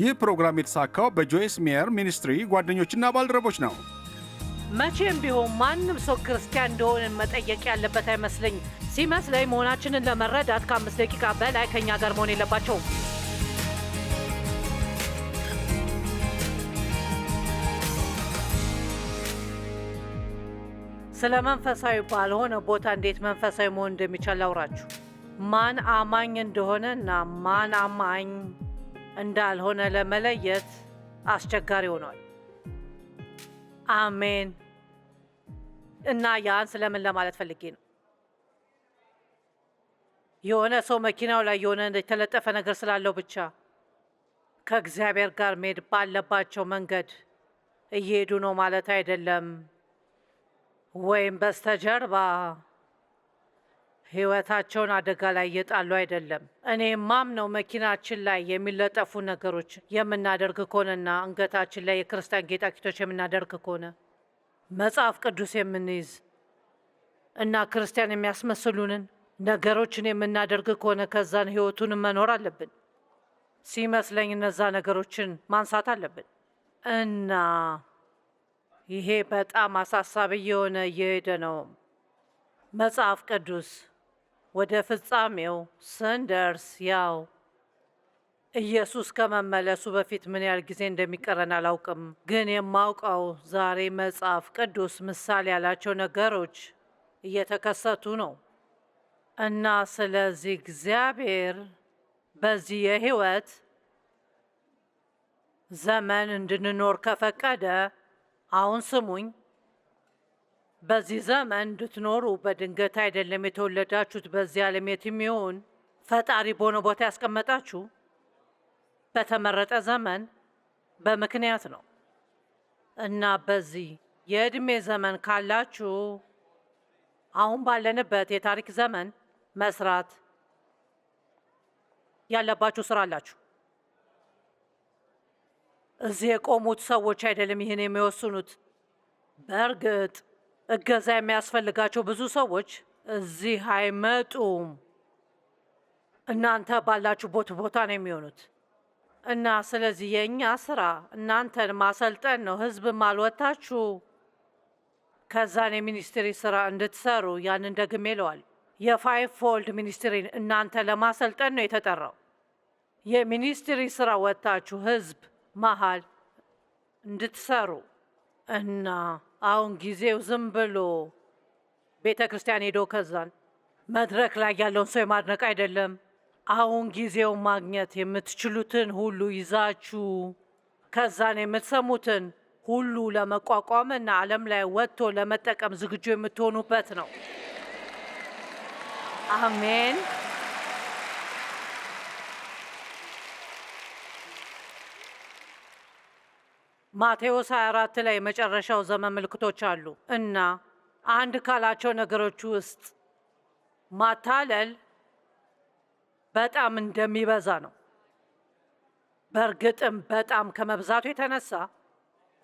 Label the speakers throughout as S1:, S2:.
S1: ይህ ፕሮግራም የተሳካው በጆይስ ሜየር ሚኒስትሪ ጓደኞችና ባልደረቦች ነው። መቼም ቢሆን ማንም ሰው ክርስቲያን እንደሆነ መጠየቅ ያለበት አይመስለኝ። ሲመስለኝ መሆናችንን ለመረዳት ከአምስት ደቂቃ በላይ ከእኛ ጋር መሆን የለባቸውም። ስለ መንፈሳዊ ባልሆነ ቦታ እንዴት መንፈሳዊ መሆን እንደሚቻል ላውራችሁ። ማን አማኝ እንደሆነ እና ማን አማኝ እንዳልሆነ ለመለየት አስቸጋሪ ሆኗል። አሜን። እና ያን ስለምን ለማለት ፈልጌ ነው። የሆነ ሰው መኪናው ላይ የሆነ የተለጠፈ ነገር ስላለው ብቻ ከእግዚአብሔር ጋር መሄድ ባለባቸው መንገድ እየሄዱ ነው ማለት አይደለም። ወይም በስተጀርባ ህይወታቸውን አደጋ ላይ እየጣሉ አይደለም። እኔ ማም ነው መኪናችን ላይ የሚለጠፉ ነገሮች የምናደርግ ከሆነና አንገታችን ላይ የክርስቲያን ጌጣጌጦች የምናደርግ ከሆነ መጽሐፍ ቅዱስ የምንይዝ እና ክርስቲያን የሚያስመስሉንን ነገሮችን የምናደርግ ከሆነ ከዛን ህይወቱን መኖር አለብን ሲመስለኝ እነዛ ነገሮችን ማንሳት አለብን እና ይሄ በጣም አሳሳቢ የሆነ እየሄደ ነው። መጽሐፍ ቅዱስ ወደ ፍጻሜው ስንደርስ ያው ኢየሱስ ከመመለሱ በፊት ምን ያህል ጊዜ እንደሚቀረን አላውቅም፣ ግን የማውቀው ዛሬ መጽሐፍ ቅዱስ ምሳሌ ያላቸው ነገሮች እየተከሰቱ ነው እና ስለዚህ እግዚአብሔር በዚህ የህይወት ዘመን እንድንኖር ከፈቀደ አሁን ስሙኝ በዚህ ዘመን እንድትኖሩ በድንገት አይደለም የተወለዳችሁት። በዚህ ዓለም የትም ይሁን ፈጣሪ በሆነ ቦታ ያስቀመጣችሁ በተመረጠ ዘመን በምክንያት ነው እና በዚህ የዕድሜ ዘመን ካላችሁ አሁን ባለንበት የታሪክ ዘመን መስራት ያለባችሁ ስራ አላችሁ። እዚህ የቆሙት ሰዎች አይደለም ይህን የሚወስኑት በእርግጥ እገዛ የሚያስፈልጋቸው ብዙ ሰዎች እዚህ አይመጡም። እናንተ ባላችሁበት ቦታ ነው የሚሆኑት እና ስለዚህ የእኛ ስራ እናንተን ማሰልጠን ነው። ህዝብ ማልወታችሁ ከዛን የሚኒስትሪ ስራ እንድትሰሩ ያንን ደግሜ ይለዋል። የፋይቭ ፎልድ ሚኒስትሪን እናንተ ለማሰልጠን ነው የተጠራው። የሚኒስትሪ ስራ ወጥታችሁ ህዝብ መሀል እንድትሰሩ እና አሁን ጊዜው ዝም ብሎ ቤተ ክርስቲያን ሄዶ ከዛን መድረክ ላይ ያለውን ሰው የማድነቅ አይደለም። አሁን ጊዜው ማግኘት የምትችሉትን ሁሉ ይዛችሁ ከዛን የምትሰሙትን ሁሉ ለመቋቋምና ዓለም ላይ ወጥቶ ለመጠቀም ዝግጁ የምትሆኑበት ነው። አሜን። ማቴዎስ 24 ላይ የመጨረሻው ዘመን ምልክቶች አሉ እና አንድ ካላቸው ነገሮች ውስጥ ማታለል በጣም እንደሚበዛ ነው። በእርግጥም በጣም ከመብዛቱ የተነሳ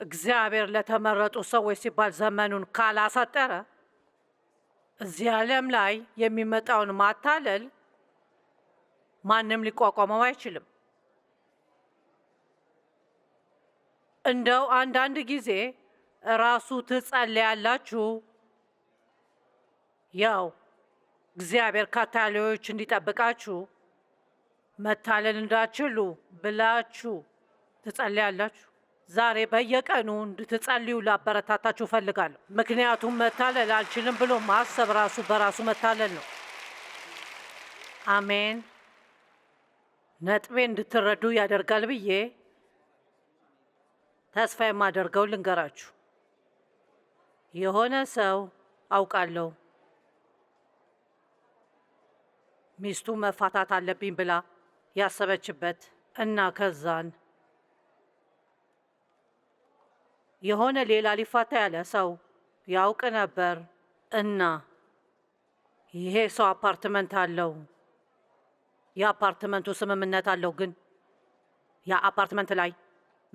S1: እግዚአብሔር ለተመረጡ ሰዎች ሲባል ዘመኑን ካላሳጠረ እዚህ ዓለም ላይ የሚመጣውን ማታለል ማንም ሊቋቋመው አይችልም። እንደው አንዳንድ ጊዜ ራሱ ትጸልያላችሁ። ያው እግዚአብሔር ካታለዮች እንዲጠብቃችሁ መታለል እንዳችሉ ብላችሁ ትጸልያላችሁ። ዛሬ በየቀኑ እንድትጸልዩ ላበረታታችሁ እፈልጋለሁ። ምክንያቱም መታለል አልችልም ብሎ ማሰብ ራሱ በራሱ መታለል ነው። አሜን። ነጥቤ እንድትረዱ ያደርጋል ብዬ ተስፋ የማደርገው ልንገራችሁ። የሆነ ሰው አውቃለሁ ሚስቱ መፋታት አለብኝ ብላ ያሰበችበት እና ከዛን የሆነ ሌላ ሊፋታ ያለ ሰው ያውቅ ነበር እና ይሄ ሰው አፓርትመንት አለው። የአፓርትመንቱ ስምምነት አለው ግን የአፓርትመንት ላይ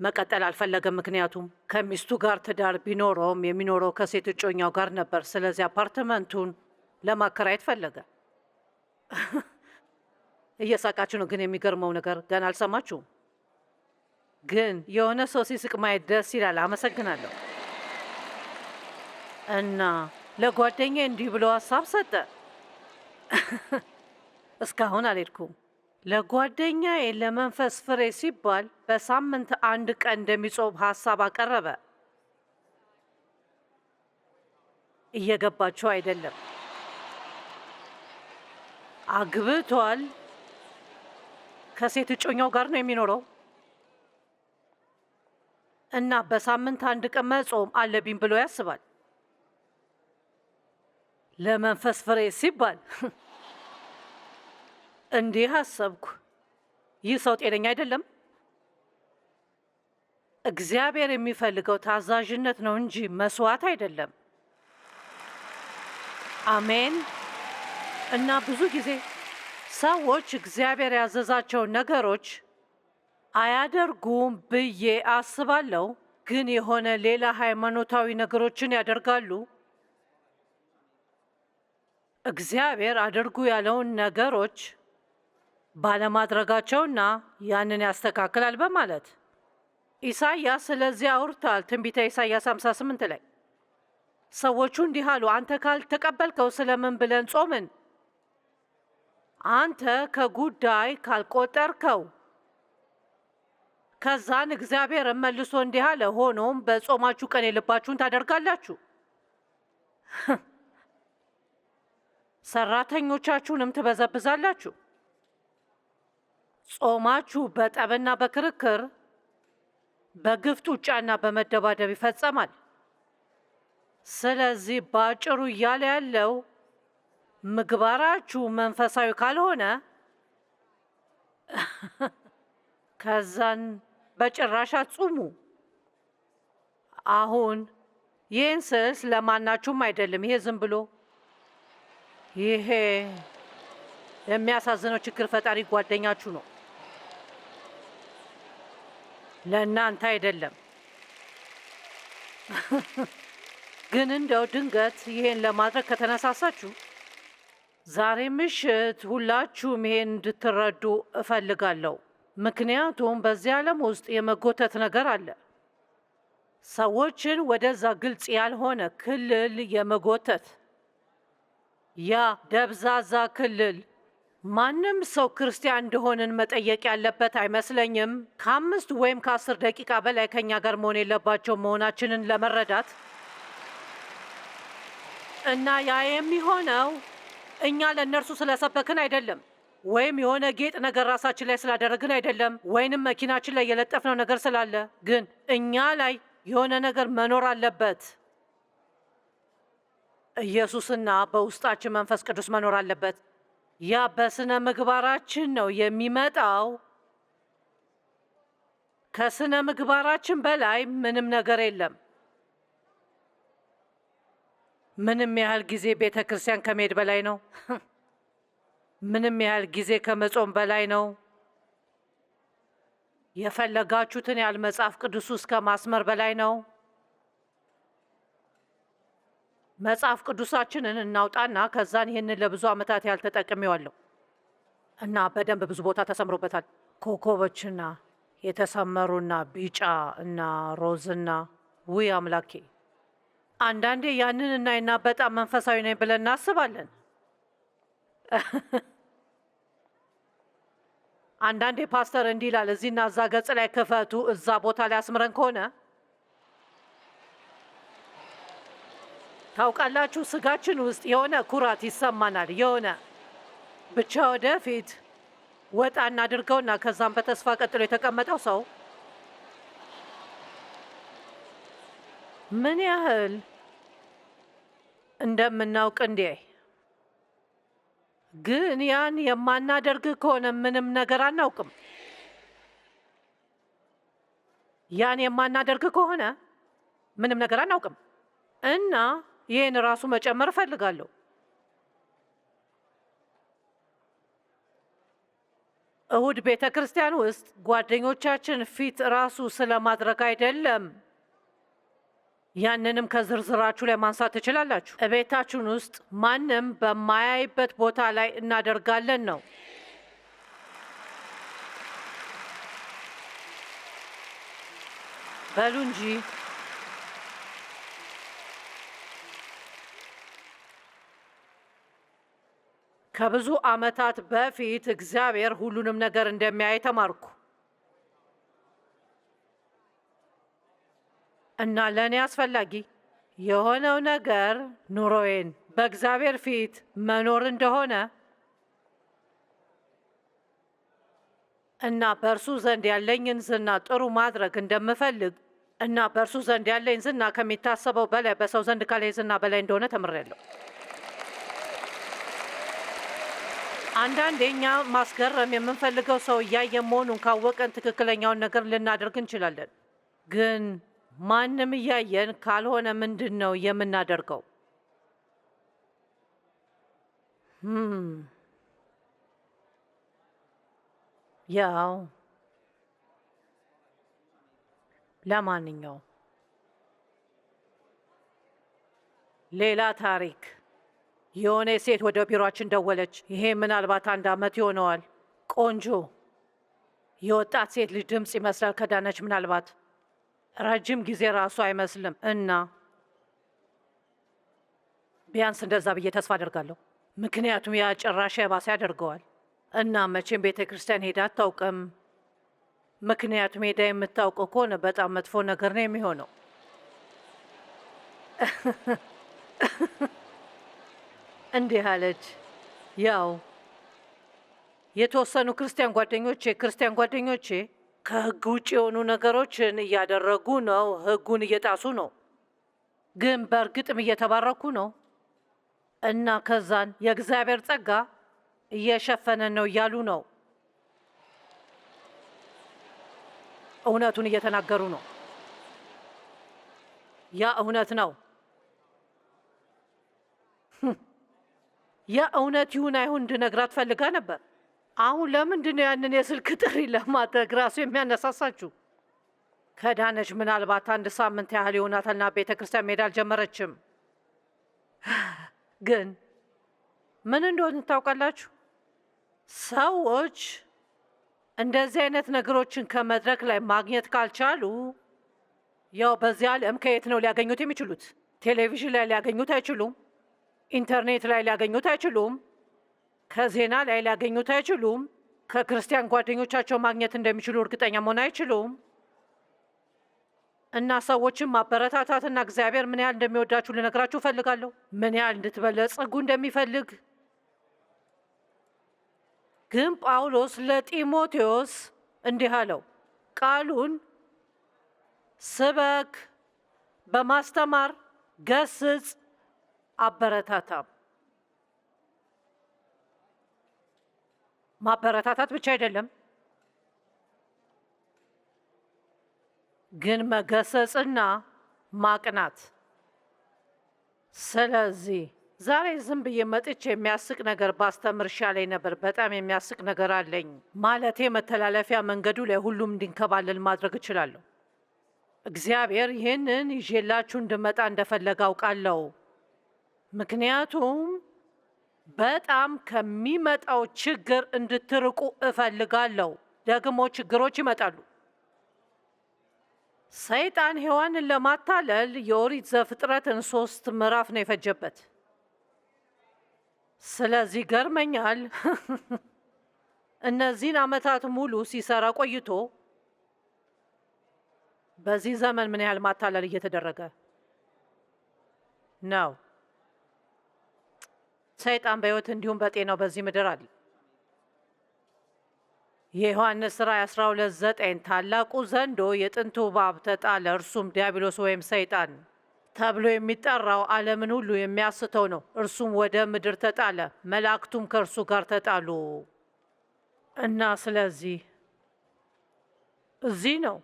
S1: መቀጠል አልፈለገም። ምክንያቱም ከሚስቱ ጋር ትዳር ቢኖረውም የሚኖረው ከሴት እጮኛው ጋር ነበር። ስለዚህ አፓርትመንቱን ለማከራየት ፈለገ። እየሳቃችሁ ነው፣ ግን የሚገርመው ነገር ገና አልሰማችሁም። ግን የሆነ ሰው ሲስቅ ማየት ደስ ይላል። አመሰግናለሁ። እና ለጓደኛ እንዲህ ብሎ ሀሳብ ሰጠ። እስካሁን አልሄድኩም። ለጓደኛዬ ለመንፈስ ፍሬ ሲባል በሳምንት አንድ ቀን እንደሚጾም ሀሳብ አቀረበ። እየገባችሁ አይደለም። አግብቷል። ከሴት እጮኛው ጋር ነው የሚኖረው እና በሳምንት አንድ ቀን መጾም አለብኝ ብሎ ያስባል። ለመንፈስ ፍሬ ሲባል እንዲህ አሰብኩ፣ ይህ ሰው ጤነኛ አይደለም። እግዚአብሔር የሚፈልገው ታዛዥነት ነው እንጂ መስዋዕት አይደለም። አሜን። እና ብዙ ጊዜ ሰዎች እግዚአብሔር ያዘዛቸው ነገሮች አያደርጉም ብዬ አስባለሁ፣ ግን የሆነ ሌላ ሃይማኖታዊ ነገሮችን ያደርጋሉ። እግዚአብሔር አድርጉ ያለውን ነገሮች ባለማድረጋቸውና ያንን ያስተካክላል በማለት ኢሳይያስ ስለዚህ አውርቷል። ትንቢተ ኢሳይያስ 58 ላይ ሰዎቹ እንዲህ አሉ፣ አንተ ካልተቀበልከው ስለምን ብለን ጾምን? አንተ ከጉዳይ ካልቆጠርከው። ከዛን እግዚአብሔርን መልሶ እንዲህ አለ፣ ሆኖም በጾማችሁ ቀን የልባችሁን ታደርጋላችሁ፣ ሰራተኞቻችሁንም ትበዘብዛላችሁ ጾማችሁ በጠብና በክርክር በግፍ ጡጫና በመደባደብ ይፈጸማል። ስለዚህ በአጭሩ እያለ ያለው ምግባራችሁ መንፈሳዊ ካልሆነ ከዛን በጭራሽ አትጹሙ። አሁን ይህን ስስ ለማናችሁም አይደለም። ይሄ ዝም ብሎ ይሄ የሚያሳዝነው ችግር ፈጣሪ ጓደኛችሁ ነው። ለእናንተ አይደለም። ግን እንደው ድንገት ይሄን ለማድረግ ከተነሳሳችሁ ዛሬ ምሽት ሁላችሁም ይሄን እንድትረዱ እፈልጋለሁ። ምክንያቱም በዚህ ዓለም ውስጥ የመጎተት ነገር አለ። ሰዎችን ወደዛ ግልጽ ያልሆነ ክልል የመጎተት ያ ደብዛዛ ክልል ማንም ሰው ክርስቲያን እንደሆንን መጠየቅ ያለበት አይመስለኝም። ከአምስት ወይም ከአስር ደቂቃ በላይ ከኛ ጋር መሆን የለባቸው መሆናችንን ለመረዳት እና ያ የሚሆነው እኛ ለእነርሱ ስለሰበክን አይደለም፣ ወይም የሆነ ጌጥ ነገር ራሳችን ላይ ስላደረግን አይደለም፣ ወይንም መኪናችን ላይ የለጠፍነው ነገር ስላለ፣ ግን እኛ ላይ የሆነ ነገር መኖር አለበት። ኢየሱስና በውስጣችን መንፈስ ቅዱስ መኖር አለበት። ያ በስነ ምግባራችን ነው የሚመጣው። ከስነ ምግባራችን በላይ ምንም ነገር የለም። ምንም ያህል ጊዜ ቤተ ክርስቲያን ከመሄድ በላይ ነው። ምንም ያህል ጊዜ ከመጾም በላይ ነው። የፈለጋችሁትን ያህል መጽሐፍ ቅዱስ ውስጥ ከማስመር በላይ ነው። መጽሐፍ ቅዱሳችንን እናውጣና ከዛን ይህንን ለብዙ ዓመታት ያህል ተጠቅሜዋለሁ እና በደንብ ብዙ ቦታ ተሰምሮበታል። ኮከቦችና የተሰመሩና ቢጫ እና ሮዝና ውይ አምላኬ። አንዳንዴ ያንን እናይና በጣም መንፈሳዊ ነኝ ብለን እናስባለን። አንዳንዴ ፓስተር እንዲህ ይላል፣ እዚህና እዛ ገጽ ላይ ክፈቱ። እዛ ቦታ ላይ አስምረን ከሆነ ታውቃላችሁ፣ ስጋችን ውስጥ የሆነ ኩራት ይሰማናል። የሆነ ብቻ ወደፊት ወጣ እናድርገውና ከዛም በተስፋ ቀጥሎ የተቀመጠው ሰው ምን ያህል እንደምናውቅ እንዴ! ግን ያን የማናደርግ ከሆነ ምንም ነገር አናውቅም። ያን የማናደርግ ከሆነ ምንም ነገር አናውቅም እና ይህን ራሱ መጨመር እፈልጋለሁ። እሁድ ቤተ ክርስቲያን ውስጥ ጓደኞቻችን ፊት ራሱ ስለማድረግ አይደለም። ያንንም ከዝርዝራችሁ ላይ ማንሳት ትችላላችሁ። እቤታችሁን ውስጥ ማንም በማያይበት ቦታ ላይ እናደርጋለን ነው። በሉ እንጂ ከብዙ ዓመታት በፊት እግዚአብሔር ሁሉንም ነገር እንደሚያይ ተማርኩ እና ለእኔ አስፈላጊ የሆነው ነገር ኑሮዬን በእግዚአብሔር ፊት መኖር እንደሆነ እና በእርሱ ዘንድ ያለኝን ዝና ጥሩ ማድረግ እንደምፈልግ እና በእርሱ ዘንድ ያለኝ ዝና ከሚታሰበው በላይ በሰው ዘንድ ካለ ዝና በላይ እንደሆነ ተምሬያለሁ። አንዳንዴ ማስገረም የምንፈልገው ሰው እያየ መሆኑን ካወቀን ትክክለኛውን ነገር ልናደርግ እንችላለን። ግን ማንም እያየን ካልሆነ ምንድን ነው የምናደርገው? Hmm. ያው ለማንኛውም ሌላ ታሪክ የሆነ ሴት ወደ ቢሮችን ደወለች። ይሄ ምናልባት አንድ ዓመት ይሆነዋል። ቆንጆ የወጣት ሴት ልጅ ድምፅ ይመስላል። ከዳነች ምናልባት ረጅም ጊዜ ራሱ አይመስልም እና ቢያንስ እንደዛ ብዬ ተስፋ አደርጋለሁ። ምክንያቱም ያ ጭራሽ የባሰ ያደርገዋል እና መቼም ቤተ ክርስቲያን ሄዳ አታውቅም። ምክንያቱም ሄዳ የምታውቀው ከሆነ በጣም መጥፎ ነገር ነው የሚሆነው። እንዲህ አለች። ያው የተወሰኑ ክርስቲያን ጓደኞቼ ክርስቲያን ጓደኞቼ ከህግ ውጭ የሆኑ ነገሮችን እያደረጉ ነው። ህጉን እየጣሱ ነው። ግን በእርግጥም እየተባረኩ ነው እና ከዛን የእግዚአብሔር ጸጋ እየሸፈነን ነው እያሉ ነው። እውነቱን እየተናገሩ ነው። ያ እውነት ነው። የእውነት ይሁን አይሁን እንድነግራት ፈልጋ ነበር። አሁን ለምንድን ነው ያንን የስልክ ጥሪ ለማድረግ ራሱ የሚያነሳሳችሁ? ከዳነች ምናልባት አንድ ሳምንት ያህል ይሆናታልና ቤተ ክርስቲያን መሄድ አልጀመረችም። ግን ምን እንደሆነ ታውቃላችሁ? ሰዎች እንደዚህ አይነት ነገሮችን ከመድረክ ላይ ማግኘት ካልቻሉ ያው በዚህ ዓለም ከየት ነው ሊያገኙት የሚችሉት? ቴሌቪዥን ላይ ሊያገኙት አይችሉም። ኢንተርኔት ላይ ሊያገኙት አይችሉም። ከዜና ላይ ሊያገኙት አይችሉም። ከክርስቲያን ጓደኞቻቸው ማግኘት እንደሚችሉ እርግጠኛ መሆን አይችሉም። እና ሰዎችን ማበረታታትና እግዚአብሔር ምን ያህል እንደሚወዳችሁ ልነግራችሁ እፈልጋለሁ። ምን ያህል እንድትበለጽጉ እንደሚፈልግ ግን ጳውሎስ ለጢሞቴዎስ እንዲህ አለው፣ ቃሉን ስበክ፣ በማስተማር ገስጽ አበረታታም። ማበረታታት ብቻ አይደለም ግን መገሰጽና ማቅናት። ስለዚህ ዛሬ ዝም ብዬ መጥቼ የሚያስቅ ነገር ባስተምርሻ ላይ ነበር፣ በጣም የሚያስቅ ነገር አለኝ ማለቴ መተላለፊያ መንገዱ ላይ ሁሉም እንዲንከባለል ማድረግ እችላለሁ። እግዚአብሔር ይህንን ይዤላችሁ እንድመጣ እንደፈለገ አውቃለሁ። ምክንያቱም በጣም ከሚመጣው ችግር እንድትርቁ እፈልጋለሁ። ደግሞ ችግሮች ይመጣሉ። ሰይጣን ሔዋንን ለማታለል የኦሪት ዘፍጥረትን ሶስት ምዕራፍ ነው የፈጀበት። ስለዚህ ገርመኛል እነዚህን ዓመታት ሙሉ ሲሰራ ቆይቶ በዚህ ዘመን ምን ያህል ማታለል እየተደረገ ነው? ሰይጣን በሕይወት እንዲሁም በጤናው በዚህ ምድር አለ። የዮሐንስ ራእይ 12 9 ታላቁ ዘንዶ የጥንቱ እባብ ተጣለ፣ እርሱም ዲያብሎስ ወይም ሰይጣን ተብሎ የሚጠራው ዓለምን ሁሉ የሚያስተው ነው። እርሱም ወደ ምድር ተጣለ፣ መላእክቱም ከእርሱ ጋር ተጣሉ። እና ስለዚህ እዚህ ነው፣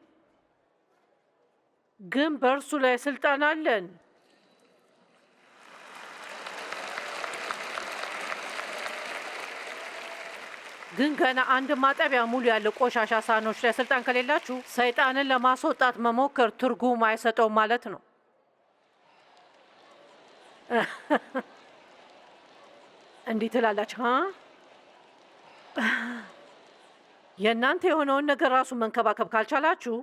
S1: ግን በእርሱ ላይ ስልጣን አለን። ግን ገና አንድ ማጠቢያ ሙሉ ያለ ቆሻሻ ሳህኖች ላይ ስልጣን ከሌላችሁ ሰይጣንን ለማስወጣት መሞከር ትርጉም አይሰጠውም ማለት ነው። እንዲህ ትላላችሁ። የእናንተ የሆነውን ነገር ራሱ መንከባከብ ካልቻላችሁ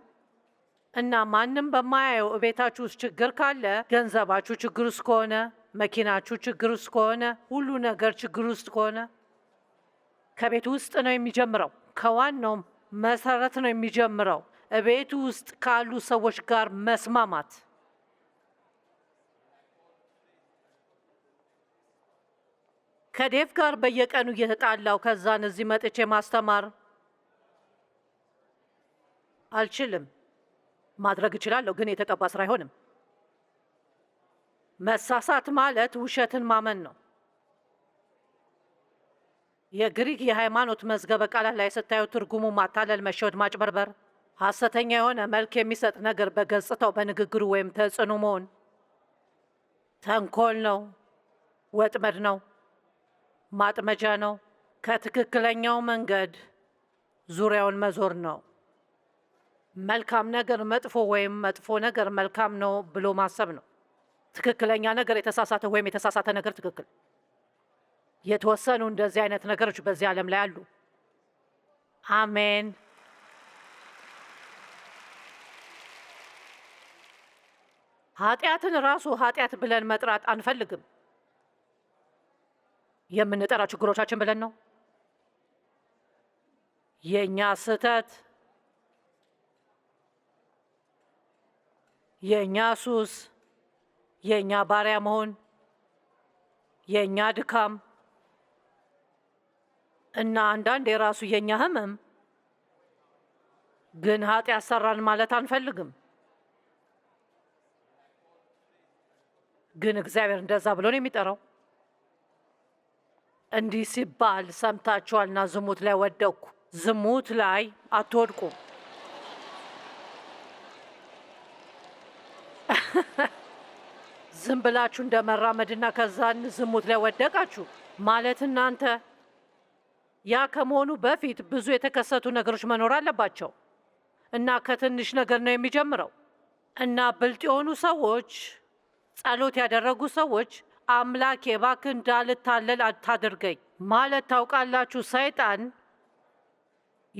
S1: እና ማንም በማያየው እቤታችሁ ውስጥ ችግር ካለ፣ ገንዘባችሁ ችግር ውስጥ ከሆነ፣ መኪናችሁ ችግር ውስጥ ከሆነ፣ ሁሉ ነገር ችግር ውስጥ ከሆነ ከቤት ውስጥ ነው የሚጀምረው። ከዋናው መሰረት ነው የሚጀምረው። ቤት ውስጥ ካሉ ሰዎች ጋር መስማማት ከዴቭ ጋር በየቀኑ እየተጣላው ከዛን እዚህ መጥቼ ማስተማር አልችልም። ማድረግ እችላለሁ፣ ግን የተቀባ ስራ አይሆንም። መሳሳት ማለት ውሸትን ማመን ነው። የግሪክ የሃይማኖት መዝገበ ቃላት ላይ ስታዩ ትርጉሙ ማታለል፣ መሸወድ፣ ማጭበርበር፣ ሐሰተኛ የሆነ መልክ የሚሰጥ ነገር በገጽታው በንግግሩ ወይም ተጽዕኖ መሆን ተንኮል ነው፣ ወጥመድ ነው፣ ማጥመጃ ነው። ከትክክለኛው መንገድ ዙሪያውን መዞር ነው። መልካም ነገር መጥፎ ወይም መጥፎ ነገር መልካም ነው ብሎ ማሰብ ነው። ትክክለኛ ነገር የተሳሳተ ወይም የተሳሳተ ነገር ትክክል የተወሰኑ እንደዚህ አይነት ነገሮች በዚህ ዓለም ላይ አሉ። አሜን። ኃጢአትን ራሱ ኃጢአት ብለን መጥራት አንፈልግም። የምንጠራው ችግሮቻችን ብለን ነው። የእኛ ስህተት፣ የእኛ ሱስ፣ የእኛ ባሪያ መሆን፣ የእኛ ድካም እና አንዳንድ የራሱ የኛ ህመም ግን ኃጢአት ሰራን ማለት አንፈልግም። ግን እግዚአብሔር እንደዛ ብሎ ነው የሚጠራው። እንዲህ ሲባል ሰምታችኋልና ዝሙት ላይ ወደቅኩ። ዝሙት ላይ አትወድቁ። ዝም ብላችሁ እንደ መራመድና ከዛን ዝሙት ላይ ወደቃችሁ ማለት እናንተ ያ ከመሆኑ በፊት ብዙ የተከሰቱ ነገሮች መኖር አለባቸው እና ከትንሽ ነገር ነው የሚጀምረው እና ብልጥ የሆኑ ሰዎች፣ ጸሎት ያደረጉ ሰዎች አምላኬ የባክ እንዳልታለል አታድርገኝ ማለት ታውቃላችሁ። ሰይጣን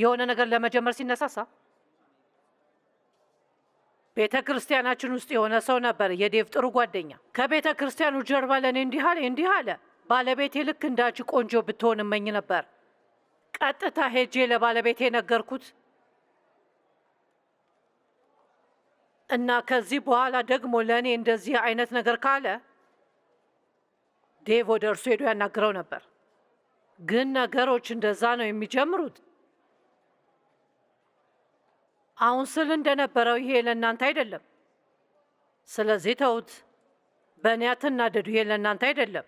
S1: የሆነ ነገር ለመጀመር ሲነሳሳ ቤተ ክርስቲያናችን ውስጥ የሆነ ሰው ነበር፣ የዴቭ ጥሩ ጓደኛ። ከቤተ ክርስቲያኑ ጀርባ ለእኔ እንዲህ አለ እንዲህ አለ ባለቤቴ ልክ እንዳች ቆንጆ ብትሆን እመኝ ነበር ቀጥታ ሄጄ ለባለቤት የነገርኩት እና ከዚህ በኋላ ደግሞ ለእኔ እንደዚህ አይነት ነገር ካለ ዴቭ ወደ እርሱ ሄዶ ያናግረው ነበር። ግን ነገሮች እንደዛ ነው የሚጀምሩት። አሁን ስል እንደነበረው ይሄ ለእናንተ አይደለም። ስለዚህ ተውት። በእኔ አትናደዱ። ይሄ ለእናንተ አይደለም።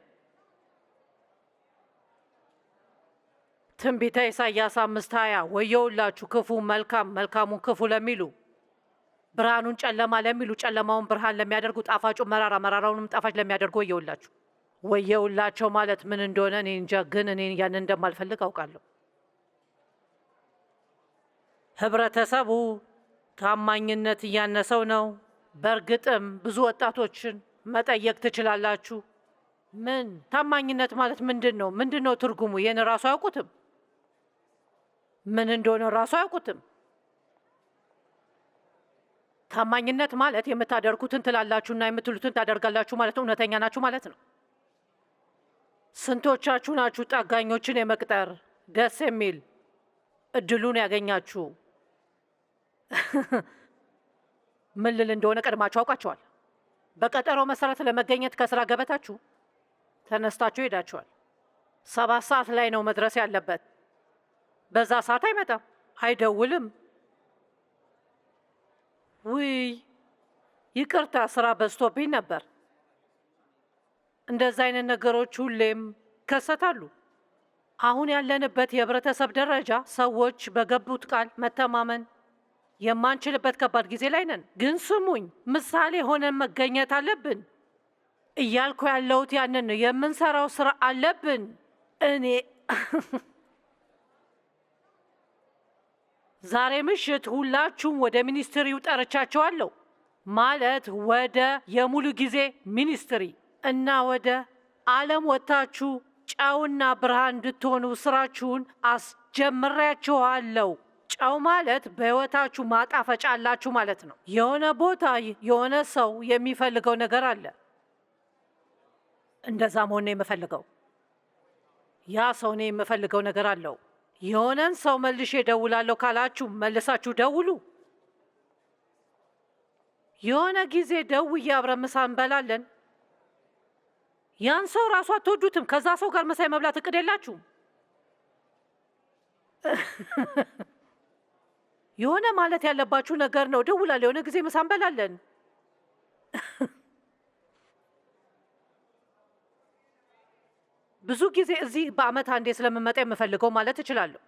S1: ትንቢተ ኢሳያስ አምስት ሀያ ወየውላችሁ ክፉ መልካም መልካሙን ክፉ ለሚሉ ብርሃኑን ጨለማ ለሚሉ ጨለማውን ብርሃን ለሚያደርጉ ጣፋጩ መራራ መራራውንም ጣፋጭ ለሚያደርጉ ወየውላችሁ። ወየውላቸው ማለት ምን እንደሆነ እኔ እንጃ፣ ግን እኔ ያን እንደማልፈልግ አውቃለሁ። ህብረተሰቡ ታማኝነት እያነሰው ነው። በእርግጥም ብዙ ወጣቶችን መጠየቅ ትችላላችሁ። ምን ታማኝነት ማለት ምንድን ነው? ምንድን ነው ትርጉሙ? ይህን ራሱ አያውቁትም። ምን እንደሆነ እራሱ አያውቁትም። ታማኝነት ማለት የምታደርጉትን ትላላችሁና የምትሉትን ታደርጋላችሁ ማለት ነው። እውነተኛ ናችሁ ማለት ነው። ስንቶቻችሁ ናችሁ ጠጋኞችን የመቅጠር ደስ የሚል እድሉን ያገኛችሁ? ምን ልል እንደሆነ ቀድማችሁ አውቃችኋል። በቀጠሮ መሰረት ለመገኘት ከስራ ገበታችሁ ተነስታችሁ ሄዳችኋል። ሰባት ሰዓት ላይ ነው መድረስ ያለበት። በዛ ሰዓት አይመጣም፣ አይደውልም። ውይ ይቅርታ ስራ በዝቶብኝ ነበር። እንደዛ አይነት ነገሮች ሁሌም ይከሰታሉ። አሁን ያለንበት የህብረተሰብ ደረጃ ሰዎች በገቡት ቃል መተማመን የማንችልበት ከባድ ጊዜ ላይ ነን። ግን ስሙኝ፣ ምሳሌ ሆነን መገኘት አለብን እያልኩ ያለሁት ያንን የምንሰራው ስራ አለብን እኔ ዛሬ ምሽት ሁላችሁም ወደ ሚኒስትሪው ጠርቻቸዋለሁ። ማለት ወደ የሙሉ ጊዜ ሚኒስትሪ እና ወደ ዓለም ወጥታችሁ ጨውና ብርሃን እንድትሆኑ ስራችሁን አስጀምሬያችኋለሁ። ጨው ማለት በሕይወታችሁ ማጣፈጫ አላችሁ ማለት ነው። የሆነ ቦታ የሆነ ሰው የሚፈልገው ነገር አለ። እንደዛ መሆን ነው የምፈልገው። ያ ሰው እኔ የምፈልገው ነገር አለው። የሆነን ሰው መልሼ እደውላለሁ ካላችሁ መልሳችሁ ደውሉ። የሆነ ጊዜ ደውዬ አብረን ምሳ እንበላለን። ያን ሰው ራሱ አትወዱትም። ከዛ ሰው ጋር ምሳ የመብላት እቅድ የላችሁም። የሆነ ማለት ያለባችሁ ነገር ነው። ደውላለሁ። የሆነ ጊዜ ምሳ እንበላለን። ብዙ ጊዜ እዚህ በአመት አንዴ ስለምመጣ የምፈልገው ማለት እችላለሁ።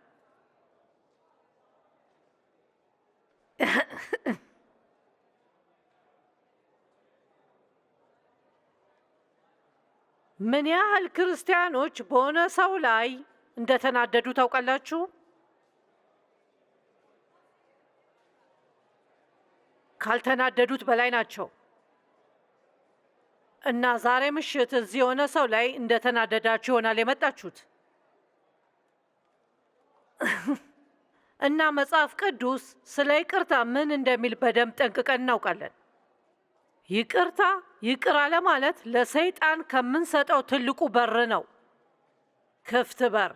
S1: ምን ያህል ክርስቲያኖች በሆነ ሰው ላይ እንደተናደዱ ታውቃላችሁ? ካልተናደዱት በላይ ናቸው። እና ዛሬ ምሽት እዚህ የሆነ ሰው ላይ እንደተናደዳችሁ ይሆናል የመጣችሁት። እና መጽሐፍ ቅዱስ ስለ ይቅርታ ምን እንደሚል በደንብ ጠንቅቀን እናውቃለን። ይቅርታ ይቅር አለማለት ለሰይጣን ከምንሰጠው ትልቁ በር ነው፣ ክፍት በር።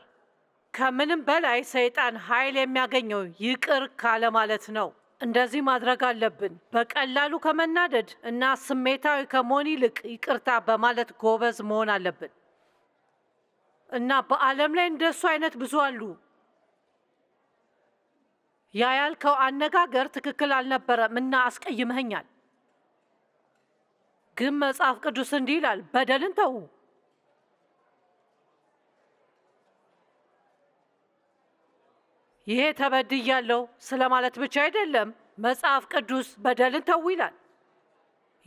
S1: ከምንም በላይ ሰይጣን ኃይል የሚያገኘው ይቅር ካለማለት ነው። እንደዚህ ማድረግ አለብን። በቀላሉ ከመናደድ እና ስሜታዊ ከመሆን ይልቅ ይቅርታ በማለት ጎበዝ መሆን አለብን እና በዓለም ላይ እንደሱ አይነት ብዙ አሉ። ያ ያልከው አነጋገር ትክክል አልነበረም እና አስቀይመኸኛል፣ ግን መጽሐፍ ቅዱስ እንዲህ ይላል፣ በደልን ተዉ ይሄ ተበድያለሁ ስለማለት ብቻ አይደለም። መጽሐፍ ቅዱስ በደልን ተው ይላል።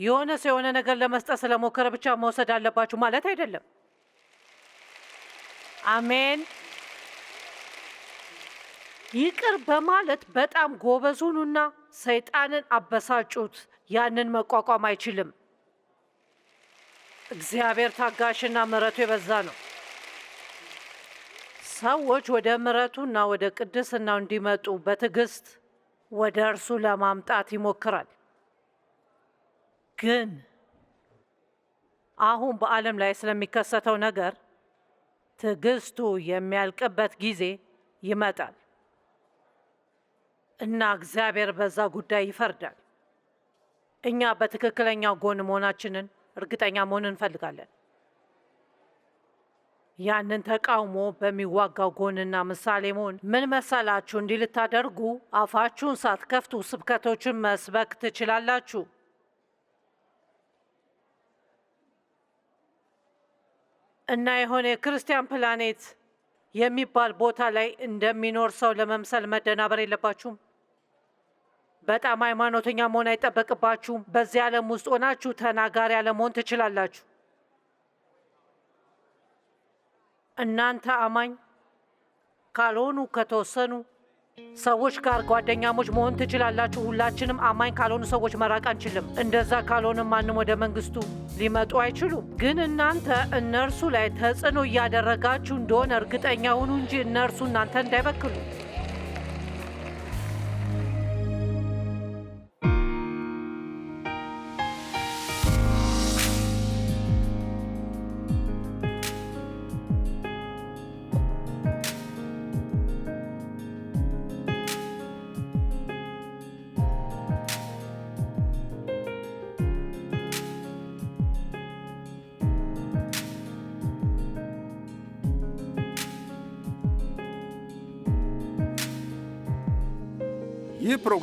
S1: የሆነ ሰው የሆነ ነገር ለመስጠት ስለሞከረ ብቻ መውሰድ አለባችሁ ማለት አይደለም። አሜን። ይቅር በማለት በጣም ጎበዝ ሁኑና ሰይጣንን አበሳጩት። ያንን መቋቋም አይችልም። እግዚአብሔር ታጋሽና ምሕረቱ የበዛ ነው። ሰዎች ወደ ምረቱና ወደ ቅድስናው እንዲመጡ በትዕግስት ወደ እርሱ ለማምጣት ይሞክራል። ግን አሁን በዓለም ላይ ስለሚከሰተው ነገር ትዕግስቱ የሚያልቅበት ጊዜ ይመጣል እና እግዚአብሔር በዛ ጉዳይ ይፈርዳል። እኛ በትክክለኛ ጎን መሆናችንን እርግጠኛ መሆን እንፈልጋለን። ያንን ተቃውሞ በሚዋጋው ጎንና ምሳሌ መሆን ምን መሰላችሁ? እንዲህ ልታደርጉ አፋችሁን ሳትከፍቱ ስብከቶችን መስበክ ትችላላችሁ። እና የሆነ የክርስቲያን ፕላኔት የሚባል ቦታ ላይ እንደሚኖር ሰው ለመምሰል መደናበር የለባችሁም። በጣም ሃይማኖተኛ መሆን አይጠበቅባችሁም። በዚህ ዓለም ውስጥ ሆናችሁ ተናጋሪ አለመሆን ትችላላችሁ። እናንተ አማኝ ካልሆኑ ከተወሰኑ ሰዎች ጋር ጓደኛሞች መሆን ትችላላችሁ። ሁላችንም አማኝ ካልሆኑ ሰዎች መራቅ አንችልም። እንደዛ ካልሆነ ማንም ወደ መንግስቱ ሊመጡ አይችሉም። ግን እናንተ እነርሱ ላይ ተጽዕኖ እያደረጋችሁ እንደሆነ እርግጠኛ ሁኑ እንጂ እነርሱ እናንተ እንዳይበክሉ